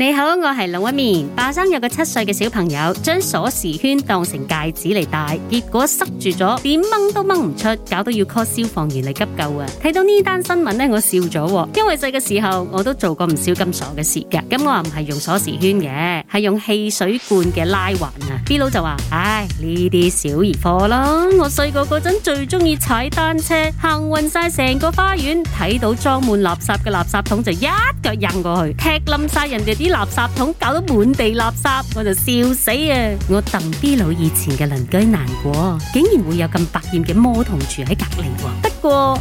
你好，我係龍紋敏。佛山有個七歲嘅小朋友將鎖匙圈當成戒指嚟戴，結果塞住咗，點掹都掹唔出，搞到要 call 消防員嚟急救啊！睇到呢單新聞咧，我笑咗，因為細嘅時候我都做過唔少咁傻嘅事噶。咁我啊唔係用鎖匙圈嘅，係用汽水罐嘅拉環啊。B 佬就話，唉，呢啲小兒科咯。我細個嗰陣最中意踩單車，行勻晒成個花園，睇到裝滿垃圾嘅垃圾桶就一腳印過去，踢冧晒人哋啲。垃圾桶，搞到滿地垃圾，我就笑死啊！我戥啲老以前嘅鄰居難過，竟然會有咁百厭嘅魔童住喺隔籬。不過，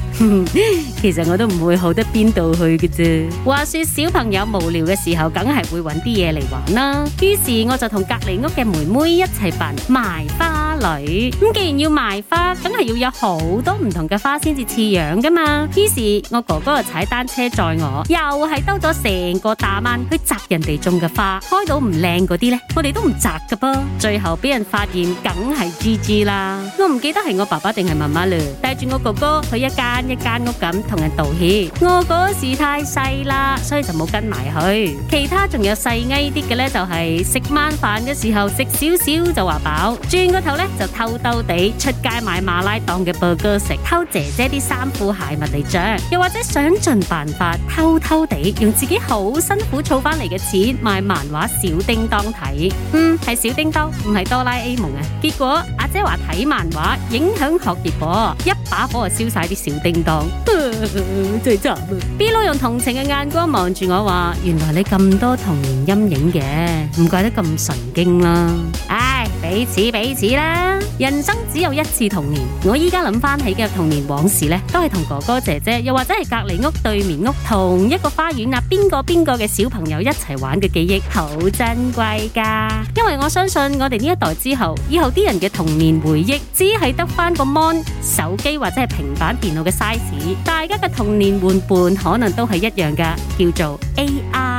其實我都唔會好得邊度去嘅啫。話說小朋友無聊嘅時候，梗係會搵啲嘢嚟玩啦。於是我就同隔籬屋嘅妹妹一齊扮埋花女咁、嗯，既然要賣花，梗係要有好多唔同嘅花先至似樣噶嘛。於是我哥哥就踩單車載我，又係兜咗成個大彎去摘人哋種嘅花，開到唔靚嗰啲咧，我哋都唔摘噶噃。最後俾人發現，梗係豬豬啦。我唔記得係我爸爸定係媽媽啦，帶住我哥哥去一間一間屋咁同人道歉。我嗰時太細啦，所以就冇跟埋去。其他仲有細矮啲嘅咧，就係、是、食晚飯嘅時候食少少就話飽。轉個頭咧。就偷偷地出街買馬拉當嘅 burger 食，偷姐姐啲衫褲鞋襪嚟着，又或者想盡辦法偷偷地用自己好辛苦儲翻嚟嘅錢買漫畫小叮當睇，嗯係小叮當唔係哆啦 A 夢啊！結果阿姐話睇漫畫影響學業，一把火就燒晒啲小叮當， 真慘啊，B 佬用同情嘅眼光望住我話，原來你咁多童年陰影嘅，唔怪得咁神經啦，啊。彼此彼此啦！人生只有一次童年，我依家諗翻起嘅童年往事咧，都係同哥哥姐姐，又或者係隔離屋、對面屋同一個花園啊，邊個邊個嘅小朋友一齊玩嘅記憶，好珍貴噶。因為我相信我哋呢一代之後，以後啲人嘅童年回憶只，只係得翻個 mon 手機或者係平板電腦嘅 size，大家嘅童年玩伴可能都係一樣噶，叫做 AR。